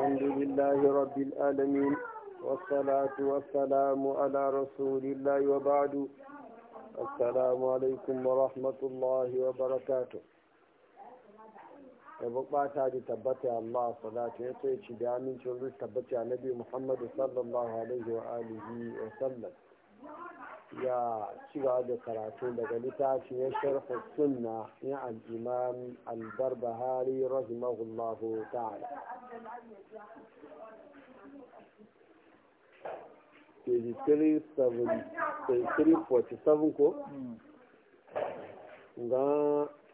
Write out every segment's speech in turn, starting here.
الحمد لله رب العالمين والصلاة والسلام على رسول الله وبعد السلام عليكم ورحمة الله وبركاته tabbata Allah salatu ya tsaye ci da amincin rus tabbata nabi sallallahu alaihi wa alihi wa sallam يا شغال كراتون لغلتا شوية شرح السنة عن الإمام البربهاري رحمه الله تعالى تيجي تري سبن تيجي تري فوتي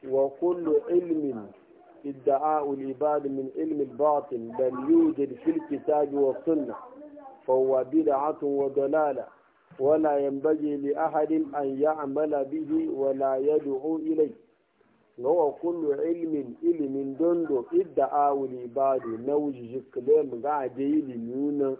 وكل علم ادعاء العباد من علم الباطل بل يوجد في الكتاب والسنة فهو بدعة وضلالة ولا ينبغي لأحد أن يعمل به ولا يدعو إليه هو كل علم علم دو إدعاء العباد نوج جكلم قاعد يلمون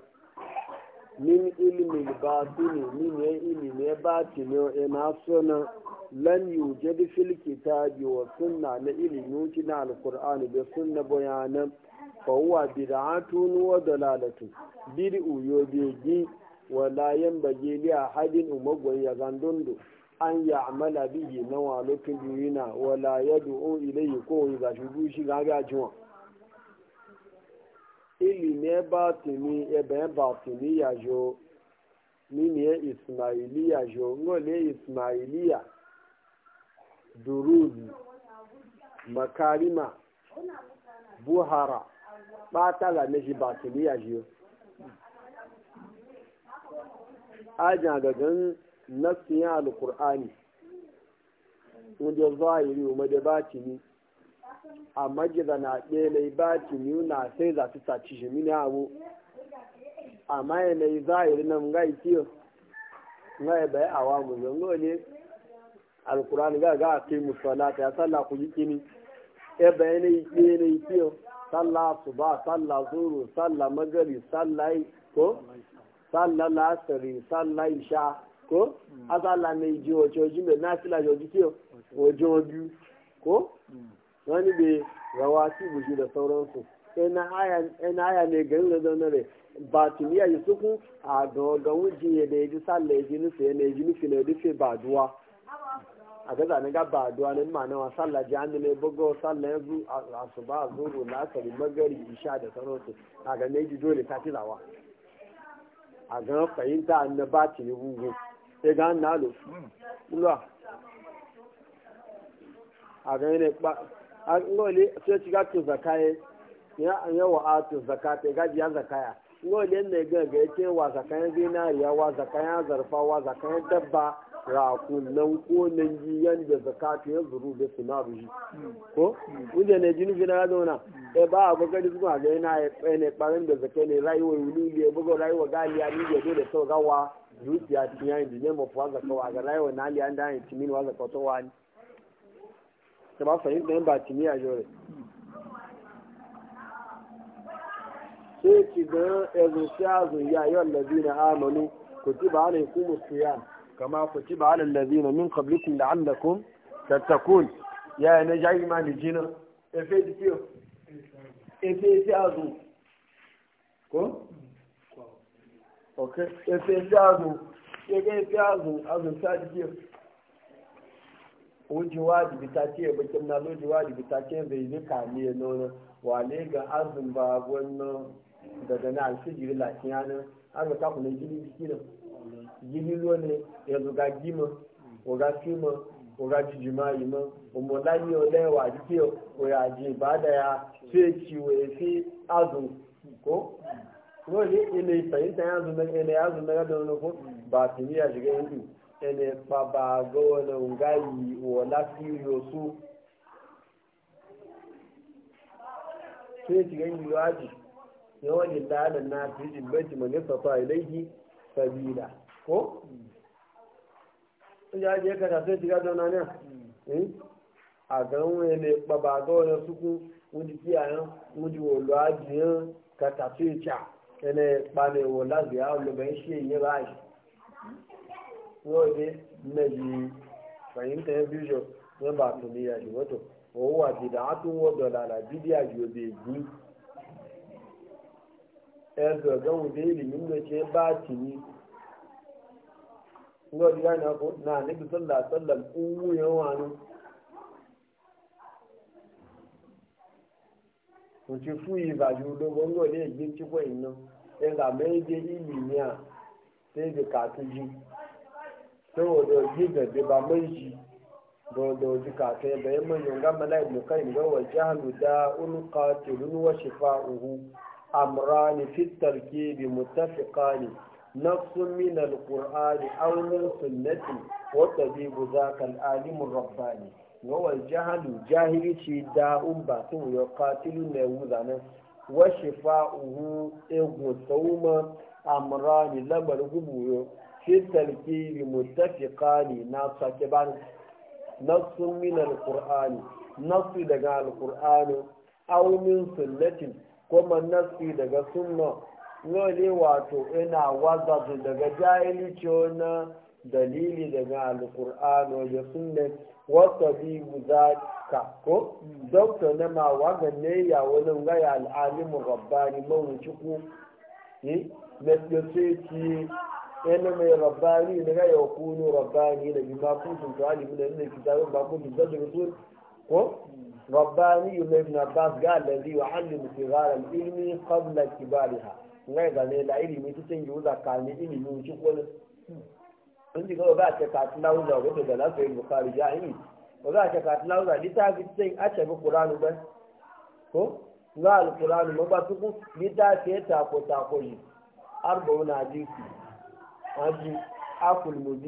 من علم الباطن من علم الباطن وما صنع لن يوجد في الكتاب والسنة لإلم على القرآن بسنة بيانا فهو بدعة ودلالة بدعو يوجد wala yan bage li a hadin umagwan ya zandondo an ya amala bihi na wa lokin yuyina wala ya du'o ilayhi ko ya zashi dushi ga ga jiwa ilimi ebe tini ebe eba tini ya jo nini ya ismailiya jo ngole ismailiya duruzi makarima buhara batala na shi batini ya jo aja ga gan nasiyan alkur'ani wanda zahiri wa da ni a majiza na ɗele ni na sai za su saci shi mini abu amma ne zahiri nan ga ikiyo ga ya bai awa mu zango ne alkur'ani ga ga kai musalata ya salla ku yi kini ya bai ne ikiyo ne ikiyo sallah su ba salla zuru salla magari sallah ko sallah lasiri sallah isha ko asala ni meji ojo ojú mẹ násìlá ojú tí ojú ojú ko wọn ni bẹ rawa sí ibùsùn da sauransu ẹna aya ne garin da zaune rẹ ba tuniya yi sukun a gangan jiye da ya ji sallah ya ji nufi ya ji nufi na rufe ba duwa a gaza na gaba a duwa ma na wa sallah ji an ne bugo sallah ya zu a su ba zuru lasari magari isha da sauransu a ga ne ji dole ta tilawa a gan fahimta annaba ta yi gugu sai e ga an nalo lọ a gan ne ba a sai ci ga zakaye ya yawa a to zakata ga biya zakaya ngole ne ga e ya ce wa zakayan zinariya wa zakayan zarfa wa zakayan dabba rakunan ko nan giyan da zakatu ya zuru da sinaru shi ko wanda ne jini fina ya zauna e ba a baka da zuwa ga yana ya tsaye ɓarin da na ne rayuwar wuli ya buga rayuwar galiya ya zo da sau gawa zuciya tun yayin da nema fuwa zaka wa ga rayuwar na aliyan da yayin timin wa zaka to wani ta ba fahimta yin ba a jore sai ki ga ezo sha zo ya yawan lazina kama ba alal lazina min qablikum kun tattakun ya na jayi ma da jina efe di kiyo efe ti azu ko ok efe ti azu yege efe azu azu sa di kiyo oji wajibi ta ce bakin na loji wajibi ta ce bai yi kame nuna wale ga azun ba wannan daga na alfijiri lafiya nan an ga kakunan jini jikinan yi lílo ni ẹlòga jí mọ ọ̀gá sí mọ ọ̀gá jìjì máa yìí mọ ọmọláyé ọlẹ́wà dídé ọ̀rẹ́ àjì ìbádàá tí ó ti wẹ̀ sí àdùn kó wọ́n ní ilé ìfẹ̀yìntà ilẹ̀ azùmẹ́rẹ́dọ̀nù fún bàtìmí àṣìkẹ́ ìlú ẹni pàbà gọ́wọ́nà ǹgá yìí wọ̀ láti yọ̀sú tí ó ti rẹ̀ yìí lọ́ájì ni wọ́n lè dáadọ̀ náà fi ìbẹ́jìmọ̀ ní sabila ko ya je ka tafi diga dona ne mm. eh? a ga wani ne baba ga wani suku wani kiyayen wani wolo ajiyan ka tafi ca ene kpane wola ziya olubai shi yi ba shi yau ne meji fahimtar vision ne ba tuni shi wato wọ́n wà bìdà á tún wọ́ dọ̀là àlà ya eh, gagan wuce ilimin da ce ba ga na yi ba ju do bon go le gbe ci ko inno e eh, ga me a te de ka tu ji to do ji ga de ba mai ji amrani fi tarkibi muttafiqani nafsun min alqur'ani aw min sunnati wa tabibu zaka alalim rabbani wa wal jahalu jahilici da'un batun ya qatilu ne wuzana wa Uhu, egu sauma amrani labar gubuyo fi tarkibi ne na sakiban nafsun min alqur'ani nafsu daga Al'ƙur'ani, aunin min sunnatin kuma nasi daga sunna nole wato ina wazatu daga jahilci na dalili daga alkur'ano da sunna wata bibu za ko dokta na ma ne ya wani gaya al'alimin rabbani mawuci ko na sai ci ina mai rabbani na gaya kunu rabbani na bi ma kuntum ta'alimin da ne kitabin ba kuntum da ko rabbani yunus na abbas ga allazi wa allim sigar al-ilmi qabla kibariha ngai ga ne la ilimi ti tin yuza ka ni ilimi ci ko ne indi ga ba ta ka tlawu da la sai bukhari yi ba za ta ka tlawu da litafi tin a ce qur'anu ba ko ga al-qur'anu ma ba tuku litafi ta ko ta ko yi arba'una akul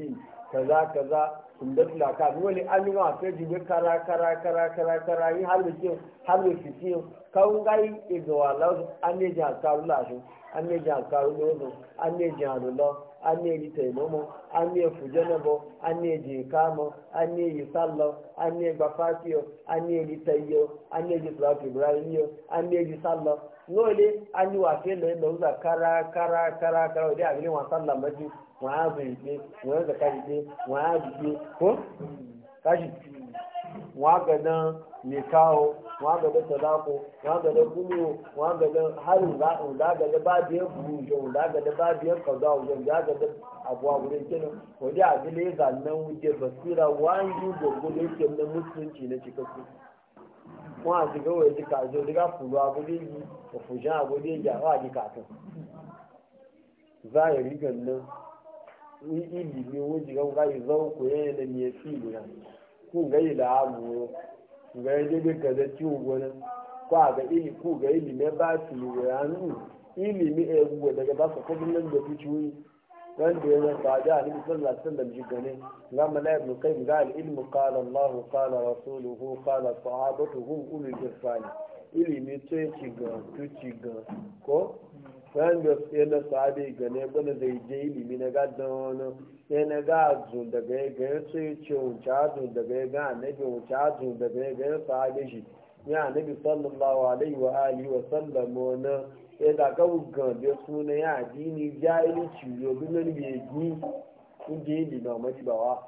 kaza kaza kumdatu la ka ni wani an ma fe jibe kara kara kara kara kara yi har da kiyo har da fitiyo kawun gai an ne jan karu la an ne jan karu lozo an ne jan lulọ an ne yi taimomo an ne fujanabo an ne je kamo an ne yi sallo an ne gbafatiyo an ne yi tayyo an ne yi salatu ibrahimiyo an ne yi sallo n'ole an yi wa fe lo ilo uza kara kara kara kara wani abin wa sallan wọ́n á bẹ̀rẹ̀ pé wọ́n á zàkàrí pé wọ́n á gbé kó kájì wọ́n á wọ́n á gẹ̀dán tọ́láko wọ́n á wọ́n á gẹ̀dán hali ǹdá gẹ̀dán bá bí ẹ̀kú ìjọ ǹdá gẹ̀dán bá bí ẹ̀kọ̀dọ̀ àwùjọ ǹdá gẹ̀dán àbọ̀ àwùjọ ìjẹnu wọ́n dé àdílé ìzànnáwó jẹ wọ́n á yí gbogbo lóṣù ẹ̀mí mùsùlùmí wọ́n á ni ibi ni wọ́n jìgá ń gáyì zọ́wọ́ kò yẹ́ yẹn ni fi ìlú náà kú gáyì là á mú o nga yẹn dédé tí o wọ náà àgbẹ̀ ìlì kú gẹ̀ ìlì mẹ́ bá ti ìwé ìlì mi ẹ̀ ẹ̀ dẹ̀gẹ̀ bá sọ fún mi lẹ́nu mu mi tó ti gàn tó e ti gàn kan da yana sabe gane gwada ya je ilimi na gadon wani sai na ga azun daga ya ga ya ce ce wuce azun daga ya ga annabi wuce azun daga ya ga ya sabe shi ya annabi sallallahu alaihi wa alihi wa sallam wani ya da ga wugan da suna ya addini jahili ciwo duk wani bai gi inda yi limamai bawa.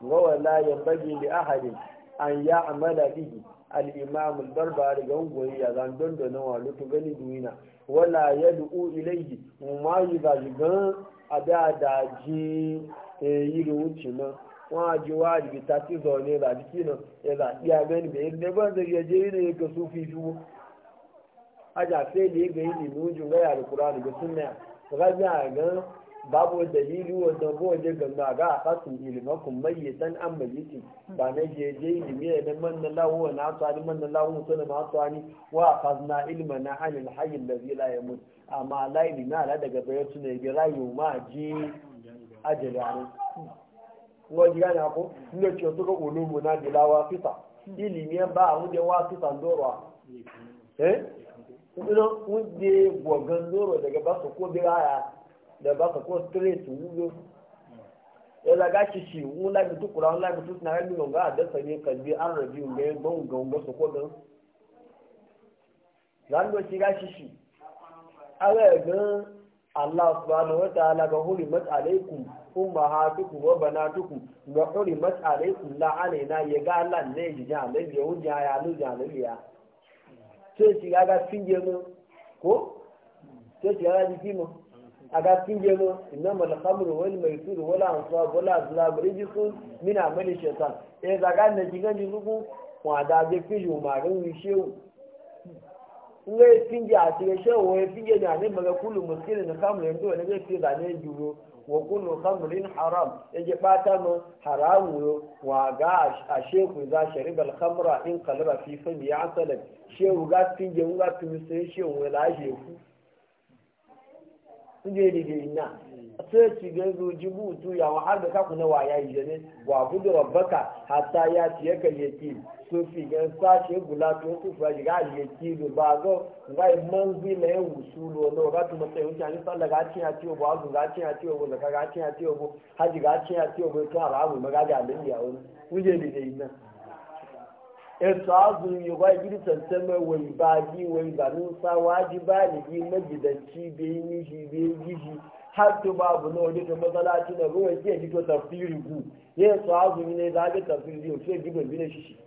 Gawa la yambagi li ahadin an ya amala bihi al-imam al-barbari ga ungoyi ya zan dondona wa lutu gani duwina wala yad'u ilayhi ma yuzajigan adadaji e, yiri wuce nan wọn àjò wa àdìgbì tàbí ba ní ẹ̀là àdìkí náà ẹ̀là àti abẹ́ni bẹ̀rẹ̀ nígbà tó yẹ jẹ́ ìrìn ẹ̀kọ́ sún fi fún wọn. ajá yi lè gbẹ̀yìn nínú ojú ńlẹ́yà àlùkùrọ̀ àdìgbì súnmẹ́à ọ̀gá bí gan. babu dalili wanda bo je ganga ga akasun ilmakum mayyitan an mayyiti ba na je je ilmi ya dan manna lahu wa na tsani manna lahu mutu na tsani wa qazna ilmana anil hayy alladhi la yamut amma laili na la daga bayan ne bi rayu ma ji ajalani wa ji gana ko ne ce to ko ulumu na dilawa fita ilimi ba a je wa fita ndorwa eh ino wuje gogan ndoro daga ba ko biraya da ba straight wuyo ya zaga shi shi wun lafi tu kura wun lafi tu suna rabi ga a dasa ne an rabi ga yin zan do ala Allah subhanahu wa ta'ala ga hurimat alaikum ummahatukum wa banatukum ga hurimat alaikum la alaina ya ga ala ne ji ja ne ya ya ya ko a je gemu inna mal khamru wal maisir wala ansab wala azlam rijsun min amali shaitan eh zaga na jingan jinugu wa da be ni marin wishewu kin je a tire shewu kin je da ne maga kullu na khamru yanzu ne be fi da ne juro wa kullu khamrin haram je bata mu haram yo wa ga a sheku za sharib al khamra in qalba fi fami ya asala shewu ga finje ga tumi sai shewu la ku. suje da jirina sai ci ga roji butu ya har da kaku na waya yi ne wa budu rabbaka hatta ya ci ya kalle ki so fi ga sashe gula to ku fa ga le ki do ba go ga manzi le usulo no ga tuma sai hunta ni salla ga ci ya ci ba go ga ci ya ci go ga ga ci ya ci go ji ga ci ya ci go to ara mu ga ga da ya wani kuje da jirina ètò azùn yorùbá ìbílí tẹ̀sẹ̀mẹ̀ wọ ìbá bí wọ ìbá ní sáwọn ajíbá nìyí méjìdàtì bí níyì bí yíyí har to babu na wani to matsalaci na ruwa ke e ji to tafsiri gu ya so azumi ne za ga tafsiri ne sai gibe bine shi shi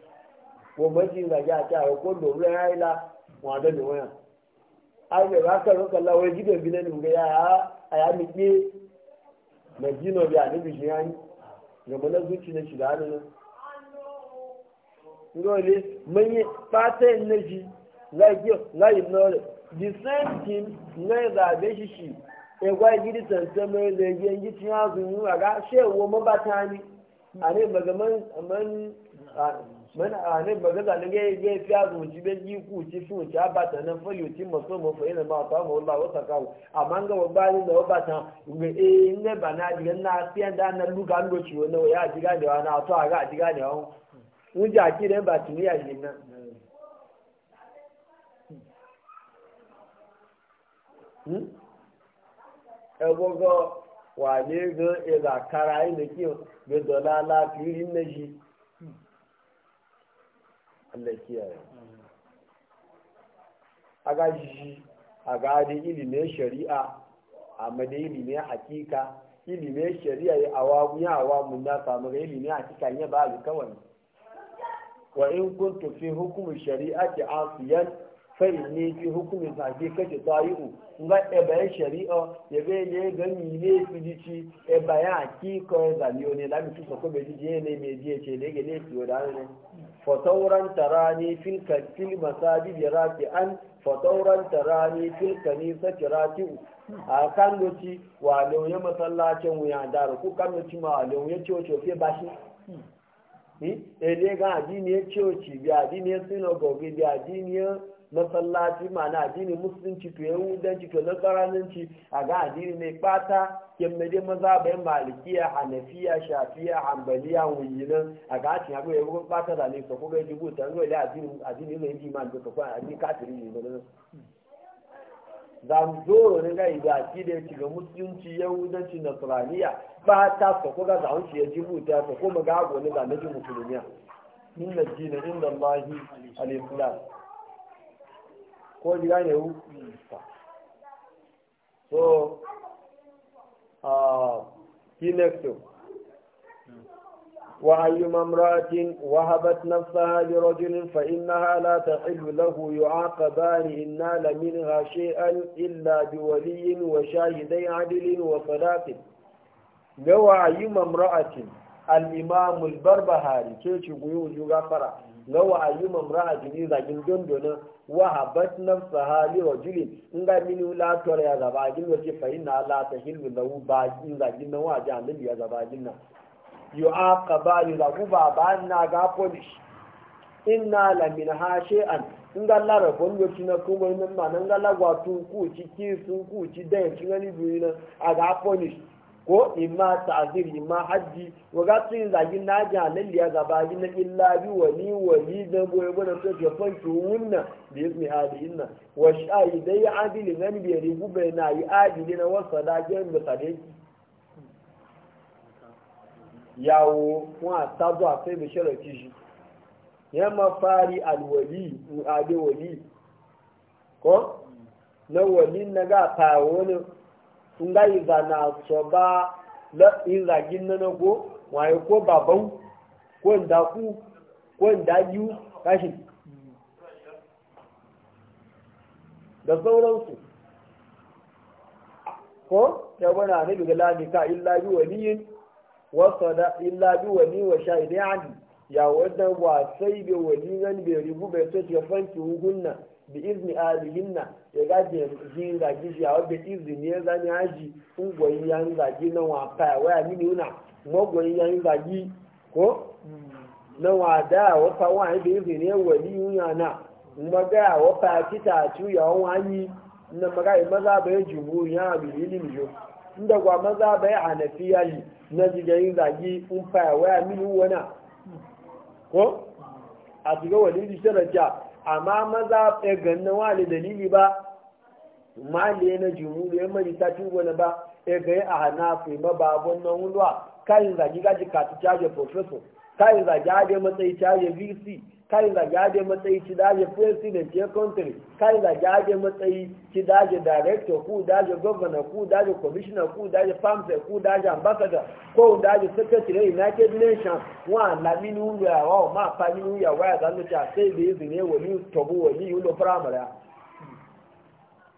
ko maji na ya ta ko do ruwa ya ila wa da do ngole manye pata naji lagyo lai nore the same team ngai da be e gwa gidi tantan mai da yin gitin yi a aga shewo mabata ni a magaman man man ane magaza ne ge ge fi azu ji be ji ku ti fu ti abata na fo yo ti mo so mo fo ina ma ta mo la wa saka wo amanga na obata nge e ne na na fi na luga ndo chi wo ya ji wa na to a ji ga de wa wújà àkíyèdè ń bà tì ní àyè náà. Hmm? ẹgbọ́gọ́ wà ní gan ìlà kára ilé kí gbẹdọ̀lá láti rí méjì. alakiya ya aga jiji aga da ilimin shari'a a mada ilimin hakika ilimin shari'a ya awa ya mun na samu ga ilimin hakika ya ba alkawari wa in kuntu fi hukumin shari'ati asiyan fa inni fi hukumin zage kace tayi'u nga bayan shari'a ya yebe ne gani ne fidici ebe ya ki ko zaliyo ne da su ko be ji ne me ji ce ne ge ne tiyo da ne fa tawran tarani fil katil masajid yarati an fa tawran tarani fil kanisati ratiu a kan loci wa lo ya masallacin wuya da ku kan loci ma lo ya ciwo ciwo fe bashi elega addiniyar coci bi addiniyar sinagogi bi addiniyar masallaci mana addinin musulunci to yahudanci to nasaranci a ga addini mai pata kemme dai maza bayan e malikiya hanafiya shafiya hanbaliya wuyinan a ga cikin abu yahudan fata da ne ko ga dubu tan ga addini addini mai iman to ko addini kafiri ne Za zanzoro ne ga idaki da ya ga musulunci yahudanci nasraniya ba ta ko ga zaun shi ya ji buta ko kuma ga ago ne ga naji musulmiya min najina inda allahi al-islam ko ji gane wu so ah uh, وأيما امرأة وهبت نفسها لرجل فإنها لا تحل له يعاقبان إن نال منها شيئا إلا بولي وشاهدي عدل وصلاة وأيما امرأة الإمام البربهاري كيش قيوز يغفر وأيما امرأة إذا جندنا وهبت نفسها لرجل إن من لا ترى يا زباجين فإنها لا تحل له باجين إذا جندنا وأجعل يا زباجين yu'aqaba yuzakuba ba na ga polish inna la min ha shay'an in ga la rabon yo tina kuma nan ma nan ga la ku ci ki sun ku ci dan ci ngani buina a ga polish ko imma ta'zir imma haji wa ga tsin zagin na ji halalli ya gaba gina illa bi wali wali da boye bana ta ke fanki wunna bi ismi hadinna wa sha'idai adil an bi rigu na yi na wasa da sadaqin bi sadaki yawo wọn àtàbọ̀ àfẹ́bẹ̀ ṣẹlẹ̀ ti ṣe yẹn ma fari alwali ní wali kọ́ na nága na ga tààwọ̀ ìzà na sọ bá ìzà gínna na ko waye ko baban ko ndaku ko ndayu kashi da sauransu ko ya wani ne illa yi wasa da illa bi wani wa shahidai ani ya wadda wa sai bai wani nan bai ribu bai to ya fanki hukunna bi izini alihinna ya gaje jin da shi a wadda izini ne zan haji ungwayi ya yi zagi na wa faya waya ni una magwayi ya yi zagi ko na wa da wata wa yi bi izini ya wani yunya na wa fa kita tu ya wani na magaya maza bai jumu ya bi ilimi yau inda gwa maza bai hanafiya yi na jigayin zagi in faya waya mini wana ko a shiga walidi sharafiya amma maza bai ganna wani dalili ba mali na jimuru ya mari ta tubo na ba ya gaya a hanafi ma babon nan wulwa kayan zagi gaji katu caje professor kayan zage ade matsayi ta ya vc kayan zage ade matsayi ci daje president ya country kayan zage ade matsayi ci daje director ku daje governor ku daje commissioner ku daje farmster ku daje ambassador ko daje secretary united nations wa lamini uya wa ma pa ni uya wa za mu ta sai da izini wani tobu wani yulo primary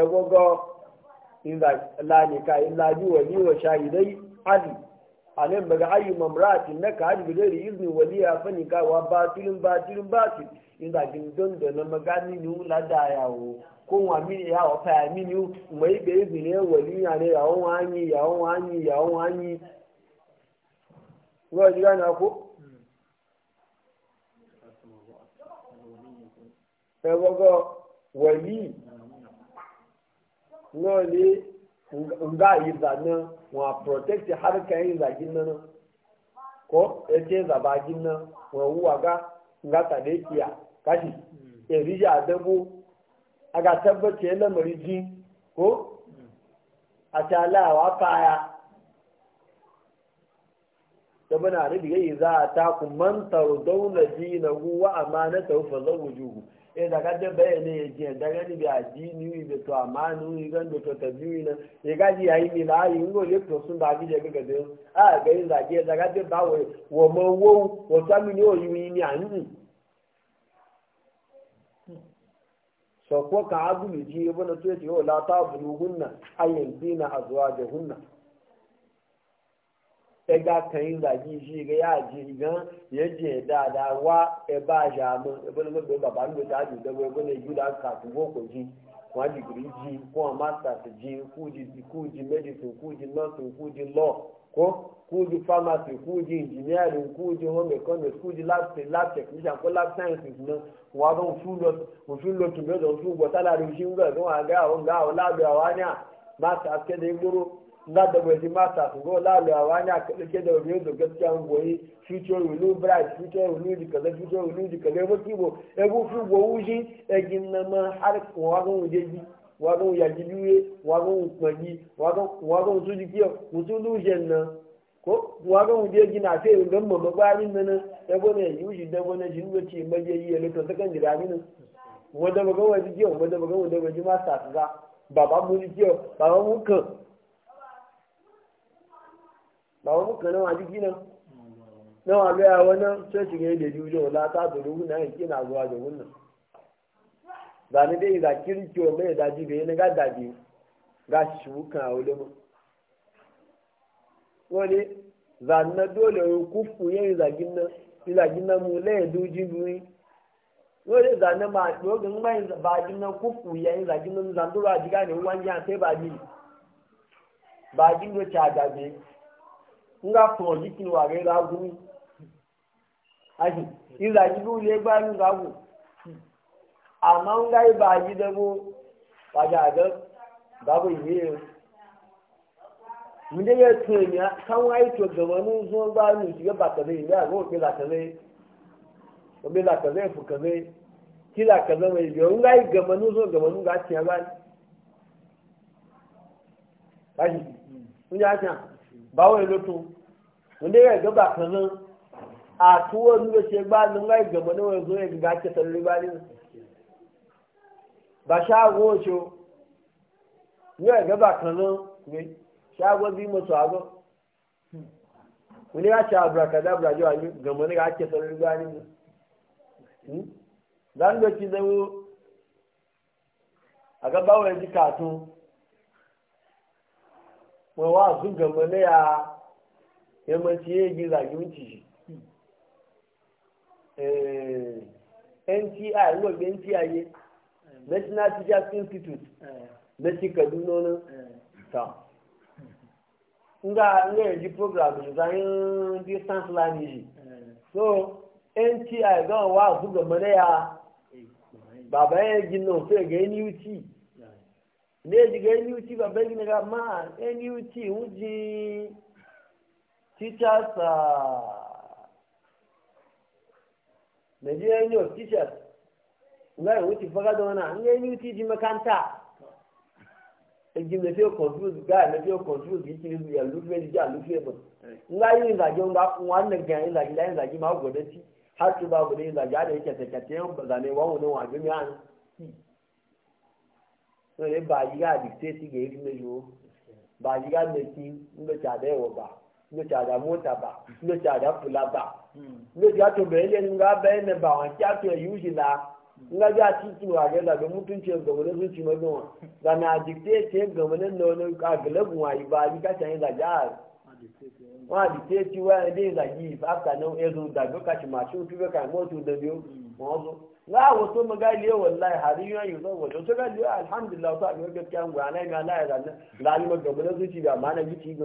ẹgbọ́gọ́ ìlànìkà ìlàjúwẹ̀ ní ọ̀ṣà ìdẹ́ àdì àlẹ́ mẹ́ga na mọ̀mọ́ra àti mẹ́ka àdì bẹ̀rẹ̀ rí ìzìn wọlé afẹ́nìkà wà bá tìrún bá tìrún bá tì ìlàjì dọ́ndọ̀ na mẹ́ga nínú ládà àyàwó kó wọn ya ìyá ọ̀fà mí ni mọ̀ ìgbẹ́ ìzìn ní wọlé ìyàrá ìyàwó wọn á yin ìyàwó wọn á yin ìyàwó wọn á yin. wọ́n ti rán náà kó. lọ́ọ̀lẹ́ nga yi zane wọn protect harkar yin zagin nan ko ya ce zabagin nan wọn wuwa ga nga tsadekiya kashi erija adabu a ga tabbace lamari ji ko a talawa kaya da bana rubi yayi za a taku man tardauna ta wa amanatahu ji zawjuhu e daga da bayani ya je daga ni bi addini ni be to amanu ni gan be to tabiwi na e ji ayi ni la yi ngo le to sun da bi je ga de a ga yin da je daga da ba wo wo mo wo wo ta mi ni o yi ni anu so ko ka abu ni ji na to ji o la ta buluhunna ayin dina ɗaga kan yi zagi shi ga ya ji gan ya je da da wa e ba ja mu e bolo mo ba ba ni ta ju da we bolo ju da ka tu go ko ji wa degree ji ko master ji ku ji ku ji medicine ku ji nursing ku ji law ko ku ji pharmacy ku ji engineering ku ji home economics ku ji lab lab technician ko lab science na wa don fu lo fu lo tu me don fu go salary shi nga don aga o nga o lab ya wa nya master ke de gboro na da bai su go la la wa nya ka dake da wani da gaskiya an goyi future will look bright future will look kaza future will kaza ki bo e bu fi go wuji e gin na ma har ko wa go wuje ji wa go ya ji biye wa go kwaji wa go wa go su ji lu na ko wa ga mu je gina sai in gamma magwarin nan da ne yuji da bane jin da ce maje yi ne to jira min wanda ba wani jiyo wanda ba ga wanda ba ji ma ga baba mu ji baba ba wa muka nawa jiki nan nawa gaya wannan sai shiga da jujo la ta da na yanki na zuwa da wannan ni dai za kirki wa mai daji bai na ga daji ga shi bukan a wule mu wani na dole ya kufu ya yi zagin nan izagin nan mu laye duji duni wani zane ma dogon mai bagin nan kufu ya yi zagin nan zandura jiga ne wani ya sai ba ji bagin do ca nga fún ọdún kí ni wà rẹ ra gún àti ìlà ìlú ilé gbá ní ìgbàgbọ́ àmọ́ ń gá ibà yí dẹ́gbó padà àgẹ́ gbàgbọ́ ìwé rẹ. Mune ya tuni kan yi to gaba nu zɔn, ba nu, shiga ba kaza yi ya go ke la kaza O be la kaza fu kaza ki la kaza mai yo yi gaba nu zɔn, gaba nu ga tiya ba Ayi, mun ya ta ba wai lotu wanda ya gaba kanan a tuwa zuwa ce ba nan ga gaba na wani ya ga ce sarari ba ne ba shago ce ya gaba kanan ne shago bi mu shago wani ya ce abrakadabra jiwa ne gaba na ga ce sarari ba ne hmm? zan da ci zama a gaba wani katon katun wani wa zun gaba ya yamanci ya yi zagin ci nti ruwa ga nti ye national teachers institute eh. na ci kaduna nan eh. ta nga nga yanzu program zayin distance learning eh. so nti ga wa su ga mana ya baba ya gina sai ga nut ne ji ga uti baba ya gina ga ma nut wuji teachers uh, Nigerian Union of Teachers ngai wuce faga da wana an yi yuti ji makanta ejim na fiye confused guy na fiye confuse yake e ne ya lufe ji a lufe ba ngai yin zage ba wannan ga yin zage yin zage ma ci, har su ba gudu yin zage da yake sakate yan zane wa wani wa bi an so ne ba yi ga dictate ga yi ne yo ba yi ga ne ki in ta da yawa ba lóṣù ba bà hmm. lóṣù àdàfùlà bà hmm. lóṣù àtọ̀bẹ̀rẹ̀ lẹ́nu nga bẹ́ẹ̀ nẹ̀ bà wọ́n kí àtọ̀ ẹ̀yìn òṣì la ńgá hmm. bí àtúntò àgẹ́lá ló mú tún tiẹ̀ gbọ̀mọ́ tiẹ̀ gbọ̀mọ́ lẹ́nu àgẹ́lẹ́gùn àyíbá yìí káṣà yín làjá k'a àdìtẹ́ tí wọ́n ẹni làjì ìfàkà náà ẹ̀rù dàgbé kàṣì màṣú fífẹ́ kà mọ́tò dẹ̀bi wọ́n sọ láàwọ̀ tó mọ gáìlì wọ̀láì yìí sọ wọ̀jọ́ tó ní láàyè mọ́ gbọ̀mọ́ lọ́sùn tì bí àmọ́ àná yìí tì í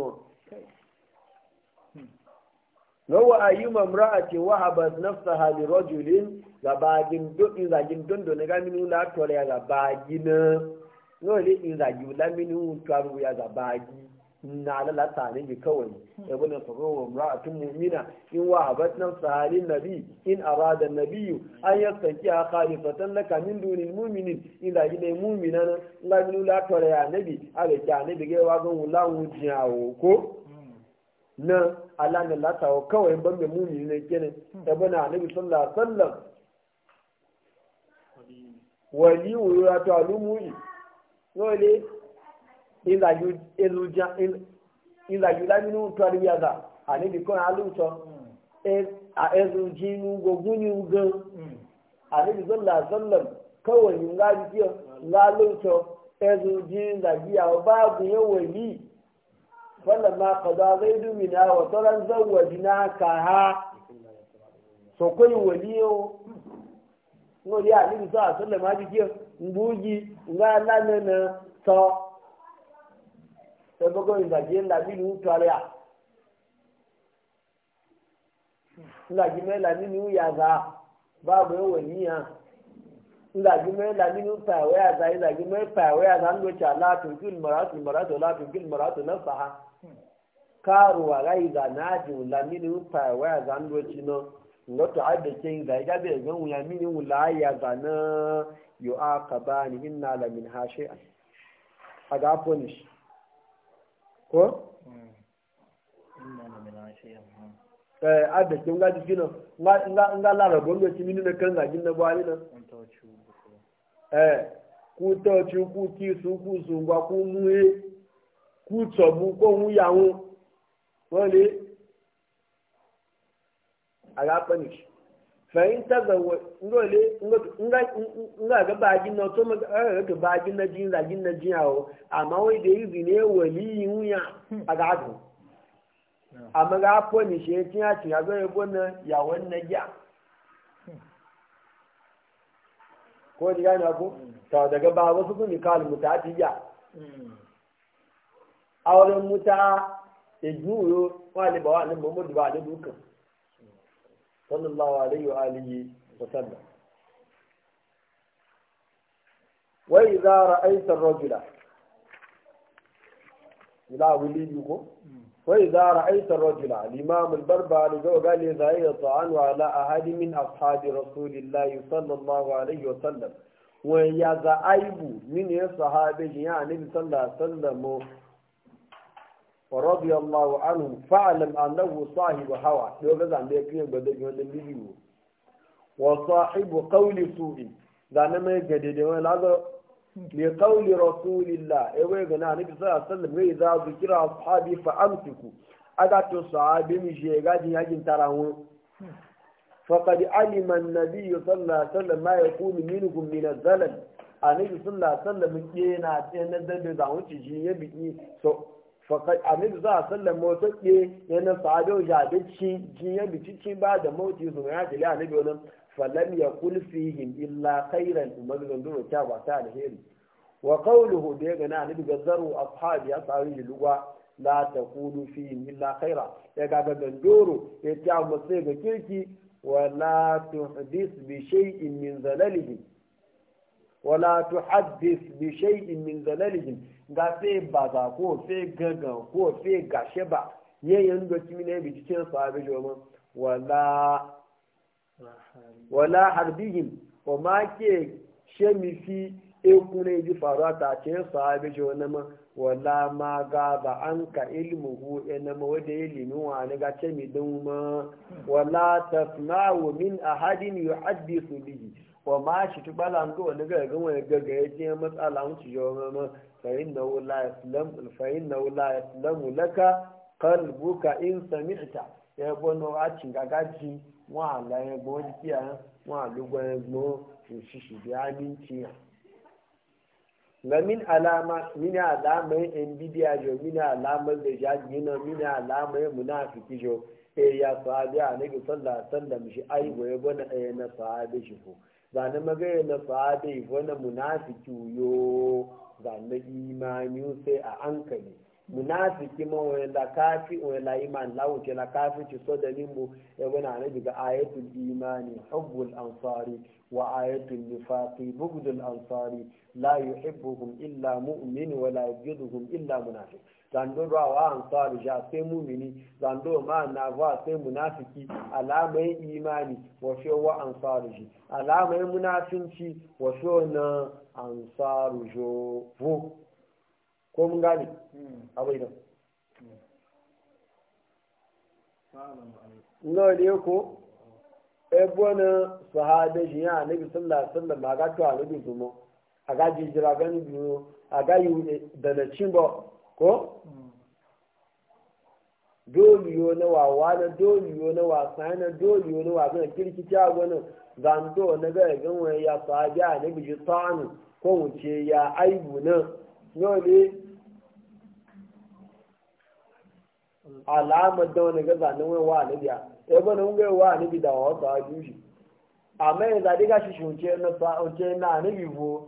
Nawa a yi mamra a ce wa nafsa hali rajulin ga bagin in zagin dondo na gaminu la tore ya ga bagina no le in zagi la minu taru ya ga bagi na la tane ji kawai ya bune tsoro wa mra'atun mu'mina in wa habat nafsa hali nabi in arada nabi an yastanki a khalifatan laka min dunil mu'minin in zagi ne mu'mina na gaminu la tore ya nabi a ga nabi ga wa gun lawu jiyawo ko na alamin latawa kawai ban da muni ne kenan da bana annabi sallallahu alaihi wasallam wali wura to alumuri wale ila yu ila yu la minu to yaza ko aluto e a ezu jinu sallallahu alaihi wasallam kawai nga ji nga ezu jin da biya babu yawan فلما قضى زيد منها وطرا زوجناكها سوكوي وليو ngori ya ni sa sallah ma ji mbuji nga la na so bogo inda je la bi ya nga ji me la ni ya za ba bo yo ni ya nga ji ya za za cha la maratu maratu karuwa ra ga naji wula mini wuta ya za ndo chino ngoto abe ken ga ga be gan wuya mini wula ya ga na yu aqabani inna la min hashi'a aga punish ko hmm. inna la min hashi'a hmm. eh abe ken ga ji kino nga nga la rabo ndo chi mini na kan ga jin na bwali na eh ku to chu ku ti su ku su ngwa ku mu ku tsobu ko mu yawo wani a rafani shi fahim ta zawo dole nga ga bagin na to ga na jin zagin na jin hawo amma wai yi zine a ga adu amma ya na ko ji gane ku ta daga ba wasu kun kalmu ta ji ya auren muta ejuyo wani ba wani muhammadu ba ni dukan sallallahu alaihi wa alihi wa sallam wa idza ra'aita ar-rajula ila wuli ko wa idza ra'aita ar-rajula al-imam al-barbari ga gali zai ta'an wa ala ahadi min ashabi rasulillahi sallallahu alaihi wa sallam wa ya za aibu min ya sahabi ya annabi sallallahu alaihi wa sallam ورضي الله عنه فاعلم أنه صاحب هوى لو بس عم بيكين بدك يقول لي وصاحب قول سوء ده أنا ما يجدد هذا لقول رسول الله إيه بنا النبي صلى الله عليه وسلم إذا ذكر أصحابي فأمسكوا أدعت الصحابي من شيء قاعد يجين تراهم فقد علم النبي صلى الله عليه وسلم ما يكون منكم من الزلل النبي صلى الله عليه وسلم كينا تنزل ذنب ذا وتجي سو annabi za a sallan mota yana sa'adau jabe jiyan bicicin ba da mauti su ya jeli annabi wani falam ya kulfihim illa khairan umar zanduru ta ba ta alheri wa qawluhu da ya gana annabi gazzaru fahadi ya tsari da lugwa la taqulu fihim illa khaira ya ga zanduru ya ta musu ga kirki wala tu bi shay'in min zalalihim bi shay'in min zalalihim ga fe baza ko fe gaga ko fe gashe ba yayin da kimi ne bi cikin jo joma wala wala harbihim o ma ke mi fi e kunai ji faru ta ce jo na ma wala ma ga ba an ka ilmuhu ina e ma wanda ya e limi wa ni ga ce mi dun ma wala tasma'u min ahadin yuhaddithu bihi wa ma shi tubalan ngo ne ga ga wani ga ga ga ga ga ci ga ma فإنه لا يسلم فإنه لا يسلم لك قلبك إن سمعت يا بنو عاتشي غاغاتشي وعلى يا بونتيا وعلى بونو ya بيامينتيا lamin alama mina alama en bidiya jo mina alama da jajina mina alama munafiki jo e ya sahabi annabi sallallahu alaihi wasallam shi ai goye bana e na sahabi shi ko zane magaye na sahabi bana munafiki da na imani sai a hankali munafiki ma wani la kafi wani la iman la la kafi ci so da nimbo ya wani anabi ga ayatul imani hubbul ansari wa ayatul nifaqi bugdul ansari la yuhibbuhum illa mu'min wa la yubghiduhum illa munafiq zando rawa an sa ja se mumini zando ma na ba se munafiki alamai imani wa wa an ji ruji alamai munafinci wa na an sa rujo fu ko mun gani hmm. abai da hmm. Nga ne ko ebo na sahada ji ya nabi sallallahu alaihi wasallam aga to a rubi zumo aga jijira gani biyo aga yi da na cin ba ko doliyo na wawa na doliyo na wasa na doliyo na wasa na kirkici a gwanin zanto na gaya ganwa ya sabi a na biji tsanu ko wuce ya aibu na yole alamar da wani gaza na e wani wa anabiya ya na wani wa anabi da wa a dushi amma ya zaɗi gashi shi wuce na ne bo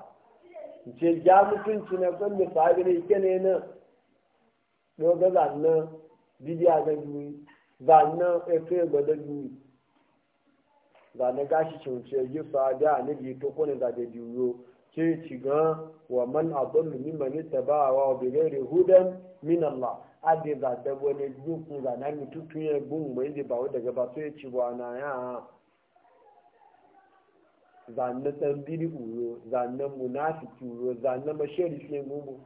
je ja mutunci na kan da sahabi ne ke ne na doga zanna bidiya e da juyi zanna efe gwada juyi zanna gashi cince yi da a bi to kone za da juyo ce ci ga wa man adallu ta ba wa bi ghairi hudan min Allah ade za da wani dukun zanna mutuntun ya gun bai ba daga ba sai ci bwana ya zanne uro zanne munafiki uro zanne masharifin gugu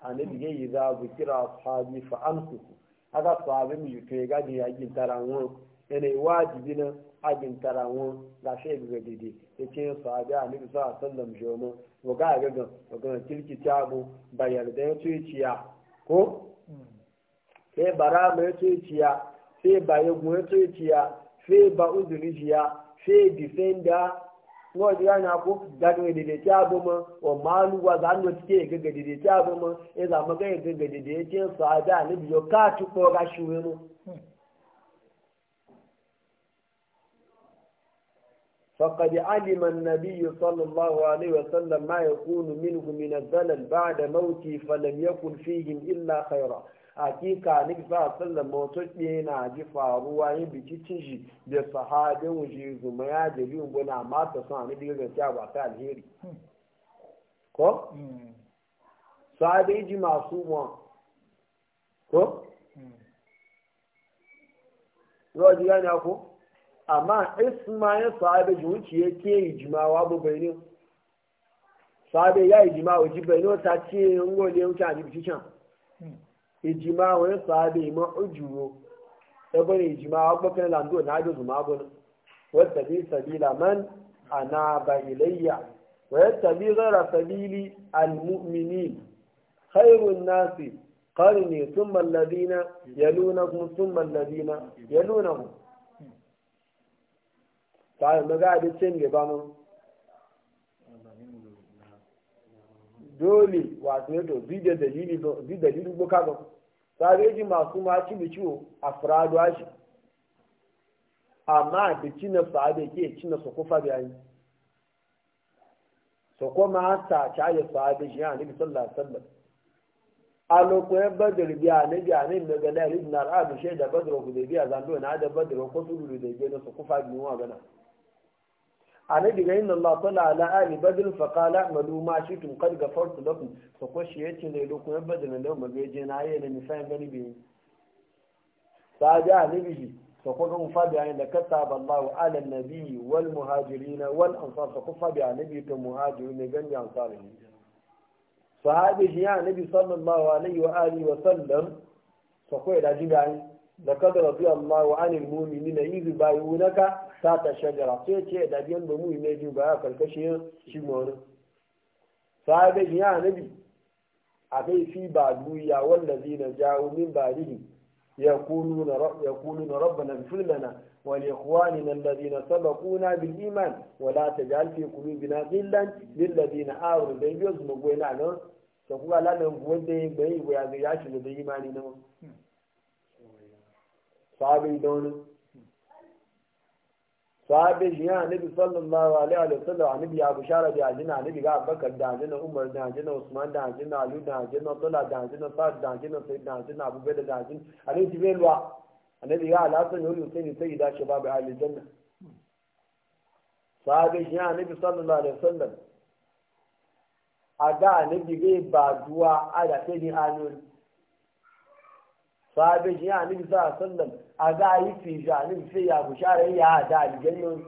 a na biye yi za bu kira sahabi fa an aka sahabi mu yuto ya gadi ya gin tara yana yi wajibi na a gin tara ga shi ya ga dede ya ce sahabi a nabi sa sallam joma ga ga ga ga kirki bu bayar da ya tuciya ko sai bara sai ba ya gwe sai ba sai defender ngo di yana ko gado de de ta bo ma o malu wa zan no tike ga ga de de ta ma e za ma ga ga ga de sa da ni biyo ka tu ko ga shuwe no فقد علم النبي صلى الله عليه وسلم ما يكون ba da الزلل بعد موتي فلم يكن فيهم illa hakika ni sa sallan moto ɗe na ji faruwa yin biki shi da sahabin wuce zuma ya da biyun guna mata sun hannu daga gaskiya ba ta alheri ko sahabai ji masu ma ko yau ji gani ko amma isma ya sahabai ji wuce ya ke yi jimawa bu bai ne sahabai ya yi jimawa ji bai ne ta ce yin gole ya wuce a ji biki can ijima wani sahabi ma ujuwo ɗabar ijima abubakar lando na ajo zuma gudun wata bi sabila man ana ba ilayya wata bi zara sabili almu'minin khairun nasi qarni thumma alladhina yalunahum thumma alladhina mu. ta maga da cin gaba mun dole wato ne to da dalili sabeji masu maci da ciwo a furaduwa shi amma da cina sahabe ke cina su kufa bayani su kuma ta caje sahabe shi yana nabi sallallahu alaihi wasallam a lokacin badar biya na biya ne na gana ibn al-abu shaida badar zan zando na da badar ko su hudaybiya na su kufa biyu wa gana annabi ga inna Allah tala ala ali badr fa qala malu ma shitum qad ghafartu lakum to ko shi yace ne do kuma badr da mu ga je na yana misan gani bi ta ga annabi shi to ko ga mufa da da kataba Allah ala nabi wal muhajirin wal ansar to kufa da annabi to muhajirin ne gani ansar ne sahabi shi annabi sallallahu alaihi wa alihi wa sallam to ko da jiga da kada radiyallahu anil mu'minina yubayunaka sata shajara sai ce da biyan da mu ne ji ba ya shi mawani sahabin ya nabi a kai fi ba duya wanda zai na jawo min ba rihi ya kulu na rabba na filana wani ne nan da zai na saba kuna bil iman wala ta ji alfi kulu bina zillan zai na awon da yi su magoyi na nan da kuma lanar wanda ya bayi ya zai ya shi da imani na sahabin da wani sahabe shi ya nabi sallallahu alaihi wa sallam nabi ya bushara da ajina nabi ga abakar da ajina umar da ajina usman da ajina alu da ajina tola da ajina sa'ad da ajina sai da ajina abu bakar da ajina annabi ji belwa nabi ga alasan yau yau sai sai da shi babu ahli janna sahabe shi ya nabi sallallahu alaihi wa sallam a da annabi ga ba duwa a da sai ni anuri sahabe shi ya nabi sa sallam a ga yi fi sha nabi sai ya bushare ya da aljanna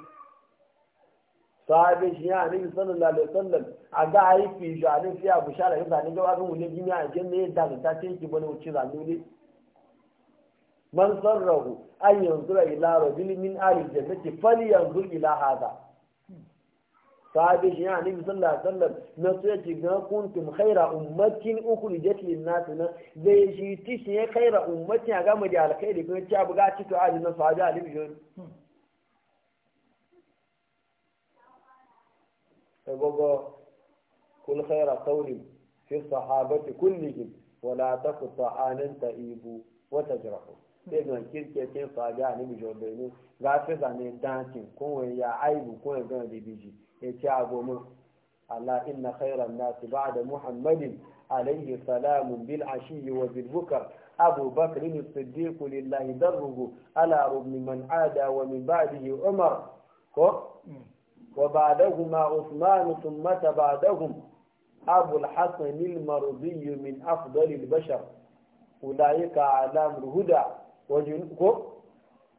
sahabe shi ya nabi sallallahu alaihi wasallam a ga yi fi sha nabi sai ya bushare ya zani ga wakan wule gini a aljanna ya da ta ce ki bane wuce zani ne man sarrahu an yanzu ila rajulin min ahli jannati yanzu ila hadha sahabi shi ya nabi sallallahu alaihi na so yace ga kuntum khaira ummatin ukhrijat lin nas na zai shi tishi ya khaira ummatin a gama da alkhairi kuma ta buga ci to ali na sahabi ali bin sabogo kul khaira qawli fi sahabati kullihim wala taku ta'anan ta'ibu wa tajrahu sai ga kirke sai sahabi ali bin jodai ne ga fi zane dancing kun ya aibu kun ga da biji يجي ce a إن خير الناس بعد محمد عليه السلام بالعشي وبالبكر أبو بكر الصديق لله دره على رب من عاد ومن بعده عمر وبعدهما عثمان ثم تبعدهم أبو الحسن المرضي من أفضل البشر أولئك علام الهدى وجنوده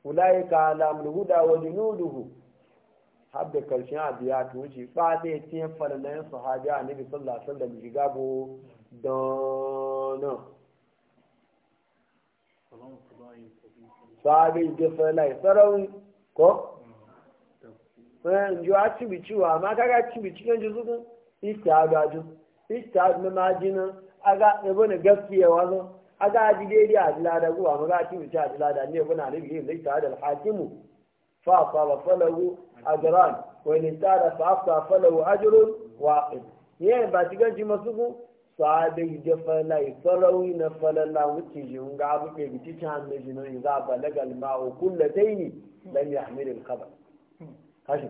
أولئك علام الهدى وجنوده har da karshen abiya ta wuce ba da ne tiyan farnayin sahabi a nabi sallallahu da wasallam shiga bo dana sahabi ga falai sarau ko sai in ji a cibi ciwa ma kaga cibi cikin ji zuku ita ga ju ita na majina aga ebo na gaskiya wazo aga ji daidai a dilada guwa maga cibi ci a dilada ne buna nabi yin zai ta da alhakimu فأصاب فله أجران وإن اجتهد فأخطأ فله أجر واحد يعني بعد كده مسكو sahabai da falai sarauni na falala wuce shi hun ga abu ɗaya ci can da shi nan za a balaga ma'o kulla ta yi dan ya hamir al-khabar hashin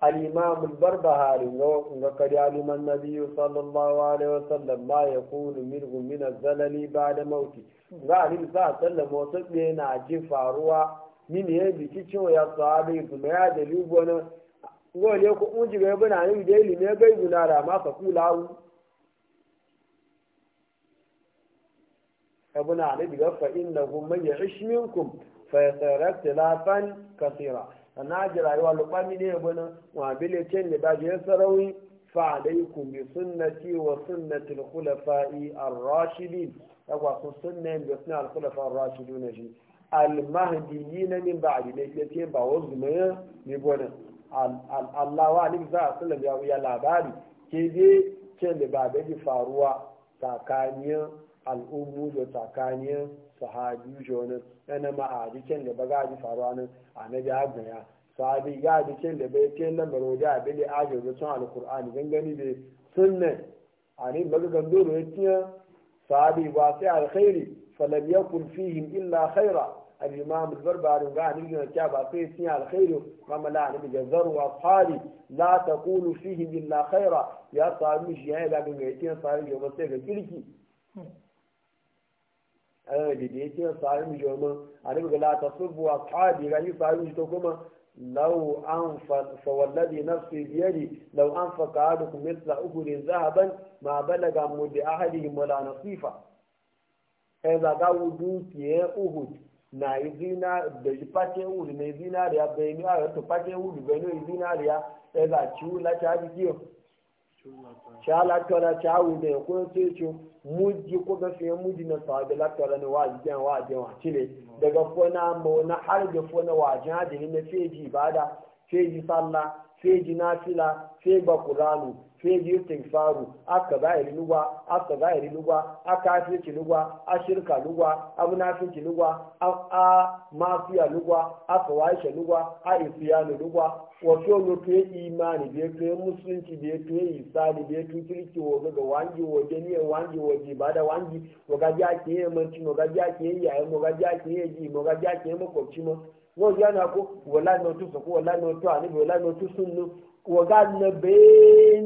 al-imam al-barbahari ga kari aliman nabiyyu sallallahu alaihi wasallam ma ya kunu mirgun min az ba da mauti a alim sa sallam motsa tsaye na ji faruwa Ni ne ya biki cewa ya sahabi su mai ya da lubo na gole ko un ji bai na ni da ilimi bai guna da ma fa kula hu abuna ne diga fa innahum man ya'ish minkum fa yasara tilafan kathira na ji rayuwa lubami ne na wa bile cin da baje sarawi fa alaikum bi sunnati wa sunnati al-khulafa'i ar-rashidin yagwa sun sunna yin da suna khulafa ar-rashidun ji al na min ba ne ya ce ba wa ne ne gona Allah wa alim za a sallam ya labari ke je ce da ba da faruwa tsakanin al'ummu da tsakanin sahabi jonin yana ma'adi ce da ba ga ji faruwa nan a na da gaya sahabi ga ji ce da bai ce nan baro da abin da ajiyar da sun alkur'ani gangani da sunna a ne magagan dole ya sahabi ba sai alkhairi falam yakun fihim illa khaira al-imam al-barbari ga ni ne kya ba sai sun alkhairi kama la ni ga zar wa qali la taqulu fihim illa khaira ya sahabi shi ya ga ga yake sahabi ba sai ga kirki ana da da yake sahabi jo a ni ga la tasubbu wa qali ga yi sahabi to لو أنفق فوالذي نفسي بيدي لو أنفق أحدكم مثل أحد ذهبا ما بلغ مد أحدهم ولا نصيفا إذا قالوا دوكي أحد na izina da yi fate wuri na izina da ya bayani a yato fate wuri bayani izina da ya ɗaga ciwo lati haɗi kiyo cha latora cha wude ko techo muji ko ga sai muji na sahabi latora ne waji dan waji wa cile daga fona mo na har fona waji hadin ne feji ibada feji sallah feji nafila feji qur'anu feji istighfaru aka zahiri lugwa aka zahiri lugwa aka afirki lugwa a shirka lugwa a munafiki a mafiya lugwa a kawaishe lugwa a isiyanu lugwa wato yau ya imani da ya musulunci da ya to isali da ya to kirki wa ga wangi wa gani wangi wa ba da wangi wa ga ja yi manci mo ga yi yayi mo yi ji mo ga yi makwabci mo wọ́n yánnà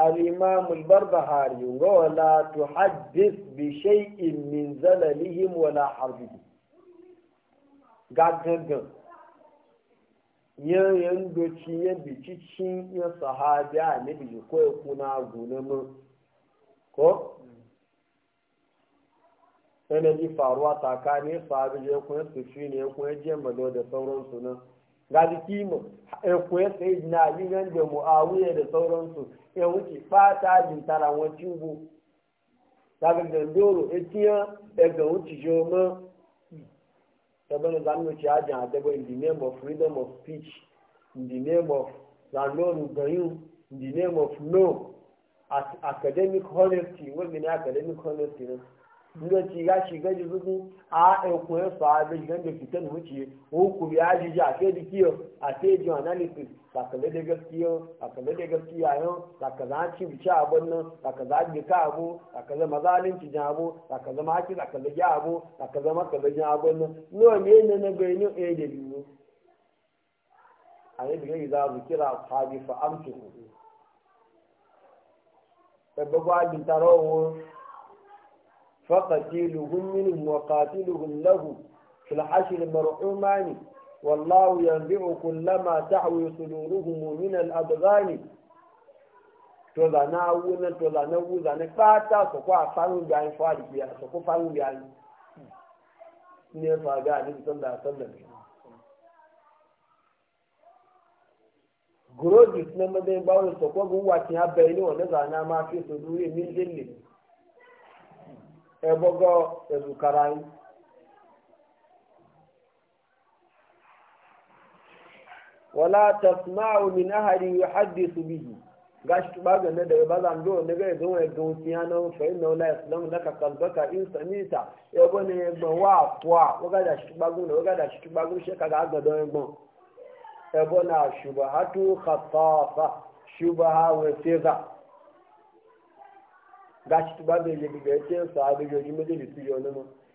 الإمام البربهاري ولا تحدث بشيء من زللهم ولا حربهم yin yayin doci ya bici cin ya sahabi a ne biji ko ya kuna gune mun ko sai na ji faruwa tsakanin sahabi ya kuna su na ne ya kuna jemalo da sauransu nan ga jiki mu ya kuna sai na yi nan da da sauransu ya wuce fata jin tara wọn ti ń bo gbàgbé ndóró etí hàn ẹgbẹ̀ ń ti ṣe ọmọ ẹgbẹ́ ní zanú ti àjà àtẹ́gbẹ́ in the name of freedom of speech in the name of landlord gbẹ̀yìn in the name of no academic honesty wọ́n mi ní academic honesty náà. ndoci ya shiga ji zuku a ekun ya sahabe shiga da fitan wuce hukum ya ji a sai kiyo a sai ji analysis sakale da gaskiyo sakale da gaskiya yau sakaza ci bici abun nan sakaza ji ka abu sakaza mazalunci ji abu sakaza maki sakaza ji abu ka makaza ji abun nan no me ne na bayani e a da biyu a yi biyu za su kira ashabi fa amtuhu tabbabu e ajin tarawo فقتيلهم منهم وقاتلهم له في الحشر مرحومان والله ينبع كلما تحوي صدورهم من الأبغان tozana wuna tozana wuza ne fata su kwa faru da an fari biya su ku faru da ga da na madai bawo su ko guwa ne wanda zana ma su min ebogo ẹbùkara yín. wala tasma'u min ahadin yuhaddithu bihi gashi tuba ga da ba zan do ne ga zo ya don tiya na fa inna la yaslam laka qalbaka in samita ya bone ba wa kwa waga da shi tuba gun waga da shi tuba gun she kaga ga don gbon ya khatafa wa tiza gashi ba zai je daga ya ce sahabi joji majalisi yau na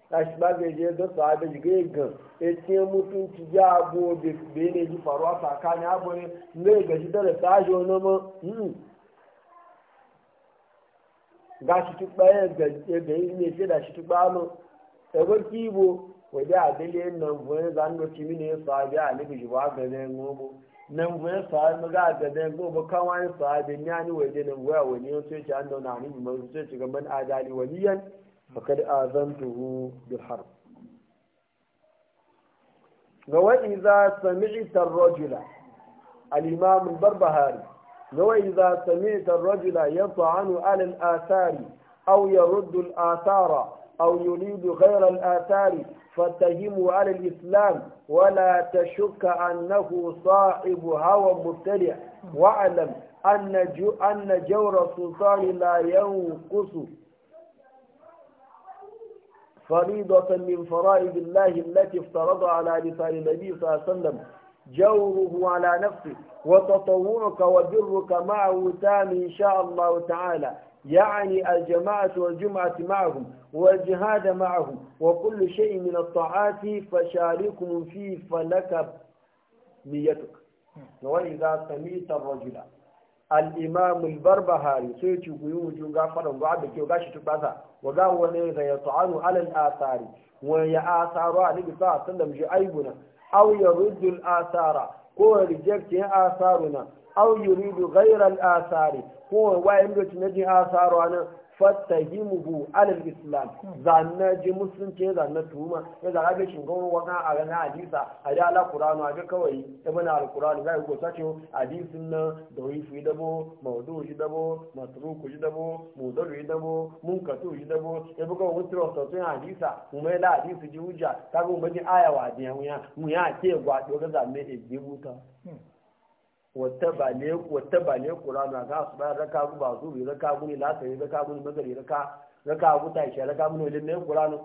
gashi ba zai je ga sahabi ji gai gan ya ce mutunci ya abu da ne ji ka tsakanin abu ne zai hmm. gashi da sahajo na ma gashi ti ba ya ga yi ne ce da shi ti ba mu wajen adaliyar nan buwai zanen da cimi ne sahabi a nufi shi ba ga zai ngobo nan goya sahabi maga ga ba gobe kan wani sahabi ya ni waje nan goya wani yau sai ci an dauna ni mun sai ci gaban adali waliyan fakad azantuhu bil harb ga wa idza sami'ta ar-rajula al-imam al-barbahari ga wa idza sami'ta ar-rajula yata'anu ala al-athari aw yaruddu al-athara أو يريد غير الآثار فاتهموا على الإسلام ولا تشك أنه صاحب هوى مبتدع واعلم أن جو أن جور السلطان لا ينقص فريضة من فرائض الله التي افترضها على لسان النبي صلى الله عليه وسلم جوره على نفسه وتطوعك وبرك معه تام إن شاء الله تعالى يعني الجماعة والجمعة معهم والجهاد معهم وكل شيء من الطاعات فشاركهم فيه فلك نيتك وإذا سميت الرجل الإمام البربهاري سيتي قيوم جنغا فرم وعبك وغاشي تبازا وقاوة إذا يطعن على الآثار ويآثار عليه صلى الله عليه وسلم جعيبنا أو يرد الآثار ko reject آثارنا aw yuridu ghayra al-athari ko yindo da tunaji asaro an fattahimuhu al islam zanna ji musulunci zanna tuma ya zara ga shingon wani a ga hadisa a da ala kuranu a ga kawai ibn al quran zai ko sace hadisin nan da wani fi dabo maudu shi dabo matruku shi dabo mudaru shi dabo munkatu shi dabo ya buga wani tiro sosai hadisa kuma la hadisi ji hujja ta go wani aya wa diya mu ya ce gwa do ga zanne e jibuta hmm. wata ba ne na ga su bayan raka gu ba su raka gu ne lasari raka gu ne magari raka raka gu ta ishe raka gu ne wajen ne ƙuranu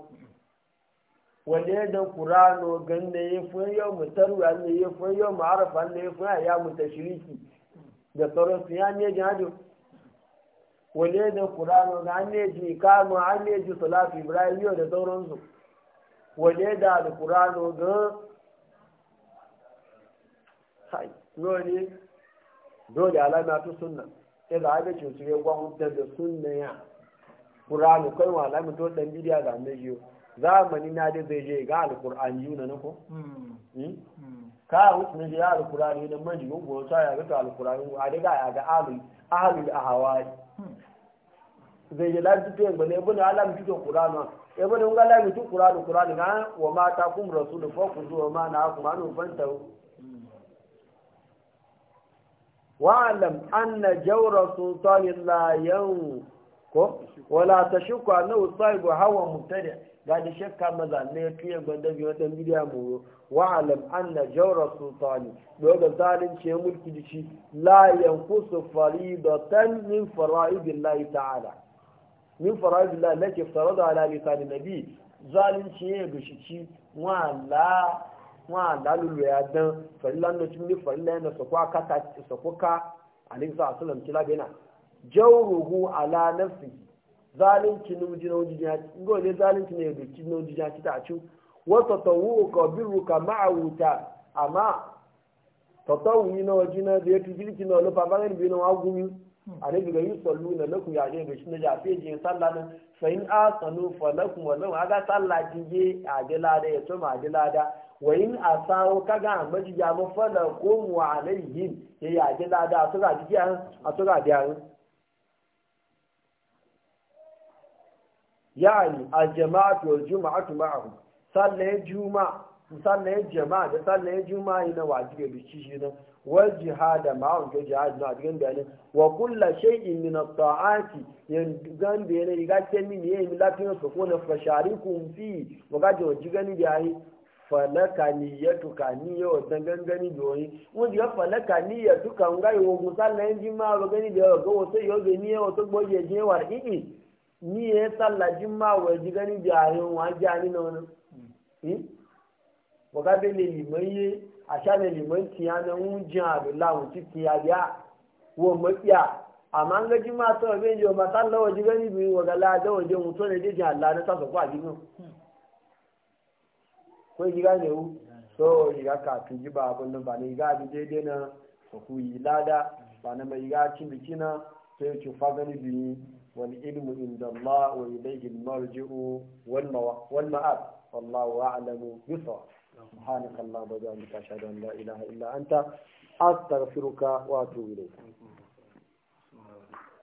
wanda ya kura ƙuranu gan ne ya fi yau mu tarwa ne ya fi yau mu arafa ne ya fi ya mu tashiriki da sauran su ya ne jihadi wanda ya kura ƙuranu ga an ne ji kano an ne ji salafi ibrahim yau da sauransu wanda ya da alƙuranu gan sai ne dole alama tu sunna sai da aka cutu ya gwan da da sunna ya qur'anu kai wa alama to dan bidiya da ne yo zamani na da zai je ga alqur'an yi na ko hmm. Hmm? Hmm. ka hutu ne ya alqur'ani dan manji go ta ya ga alqur'ani a daga ya ga ahlul ahlul ahwai zai je lafi tuyen ba ne ibn alam tuke Ya ibn unga lafi tu qur'anu qur'anu ga wa mata kuma rasu da fa ku zuwa ma na ku ma nu fantahu wa'alam anna jawra sultanin la yau ko wala ta shukku annahu sahibu hawa mubtadi ga da shakka maza ne ya tuye gwanda biyu dan bidiya muro wa'alam anna jawra sultani doga zalunci mulki dici la yankusu faridatan min fara'idillahi ta'ala min fara'idillahi lake farada ala lisan nabi zalunci ya gushi ci wala wa lalulu ya dan farillan da cimni farillan sako sakwa kata sakuka alaihi sallam kila bena jawruhu ala nafsi zalunci nu jino jinya ngo ne zalunci ne da jino jinya kita ta cu wa tatawu ka biru birruka wuta. amma tatawu ni na wajina da yake jirki no lo babangan bi no agumi alaihi ga yusallu na lakum ya ne bishin da jafe je sallah nan fa in asanu fa lakum wa lakum aga sallah je a dilada ya to ma dilada wa in asawo kaga amaji ya mu fala ko mu alayhim ya ya ji lada a tura ji a tura biya yani aljama'atu wal juma'atu ma'ahum sallan juma'a sallan jama'a da sallan juma'a ina wajibi bi shi shi nan wal ma ma'ahum ko jihad na cikin bayanin wa kullu shay'in min at-ta'ati yan gan da yana riga ce min yayin lafiya ko na fasharikum fi wa ga jigan da yayi falaka niyyatuka niyo wata gangani da wani wani ya falaka nga yi wogun sallah yin jima wa gani da ga wasu yau ga niyya wasu gboje je wa iki niyya sallah jima wa ji gani da ayon wa ji ani na wani le ye a le liman na a ti biya wo jima hmm. ko yi gane wu so yi ga kafin ji ba abin nan ba ne ga bi daidai na ku yi lada ba na mai ga cin biki na sai ki fagani biyu wani ilmu inda Allah wa ilayhi marji'u wal ma'ab wallahu a'lamu bisawa سبحانك اللهم وبحمدك اشهد ان لا illa anta astaghfiruka wa atubu اليك